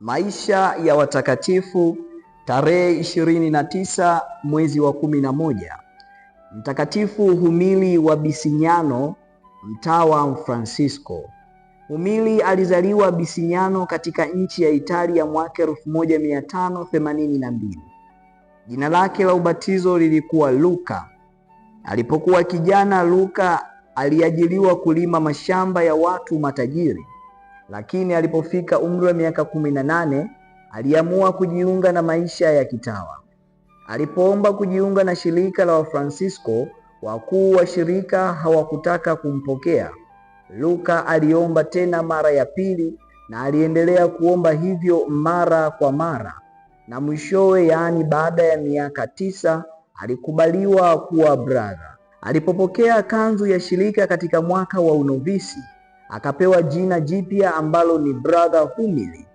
Maisha ya watakatifu tarehe 29 mwezi wa 11. Mtakatifu Humili wa Bisinyano, mtawa francisco Humili alizaliwa Bisinyano katika nchi ya Italia mwaka 1582. Jina lake la ubatizo lilikuwa Luka. Alipokuwa kijana, Luka aliajiliwa kulima mashamba ya watu matajiri lakini alipofika umri wa miaka kumi na nane aliamua kujiunga na maisha ya kitawa. Alipoomba kujiunga na shirika la Wafransisko, wakuu wa shirika hawakutaka kumpokea. Luka aliomba tena mara ya pili na aliendelea kuomba hivyo mara kwa mara, na mwishowe, yaani baada ya miaka tisa, alikubaliwa kuwa brother. Alipopokea kanzu ya shirika katika mwaka wa unovisi Akapewa jina jipya ambalo ni humili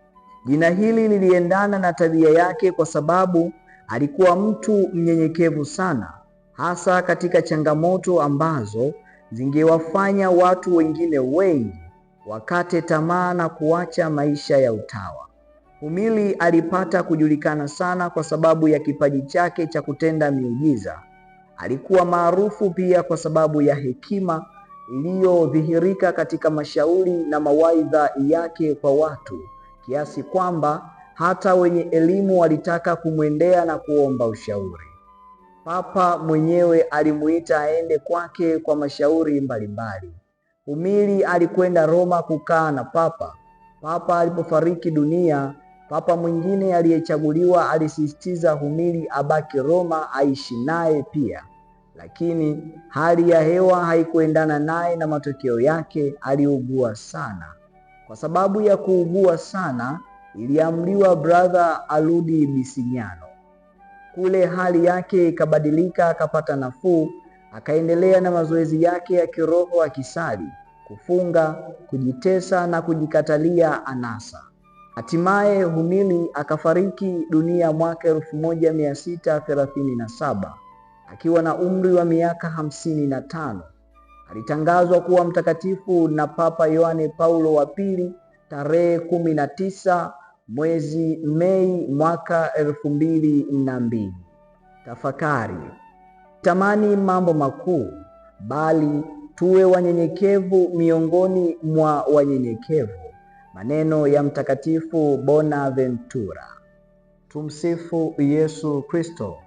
Jina hili liliendana na tabia yake kwa sababu alikuwa mtu mnyenyekevu sana, hasa katika changamoto ambazo zingewafanya watu wengine wengi wakate tamaa na kuacha maisha ya utawa. Humili alipata kujulikana sana kwa sababu ya kipaji chake cha kutenda miujiza. Alikuwa maarufu pia kwa sababu ya hekima iliyodhihirika katika mashauri na mawaidha yake kwa watu, kiasi kwamba hata wenye elimu walitaka kumwendea na kuomba ushauri. Papa mwenyewe alimuita aende kwake kwa mashauri mbalimbali. Humili alikwenda Roma kukaa na Papa. Papa alipofariki dunia, papa mwingine aliyechaguliwa alisisitiza Humili abaki Roma aishi naye pia lakini hali ya hewa haikuendana naye, na matokeo yake aliugua sana. Kwa sababu ya kuugua sana, iliamriwa brother arudi Bisinyano. Kule hali yake ikabadilika, akapata nafuu, akaendelea na mazoezi yake ya kiroho, akisali, kufunga, kujitesa na kujikatalia anasa. Hatimaye Humili akafariki dunia mwaka 1637 akiwa na umri wa miaka hamsini na tano alitangazwa kuwa mtakatifu na Papa Yohane Paulo wa pili tarehe kumi na tisa mwezi Mei mwaka elfu mbili na mbili. Tafakari, tamani mambo makuu, bali tuwe wanyenyekevu miongoni mwa wanyenyekevu. Maneno ya Mtakatifu Bonaventura. Tumsifu Yesu Kristo.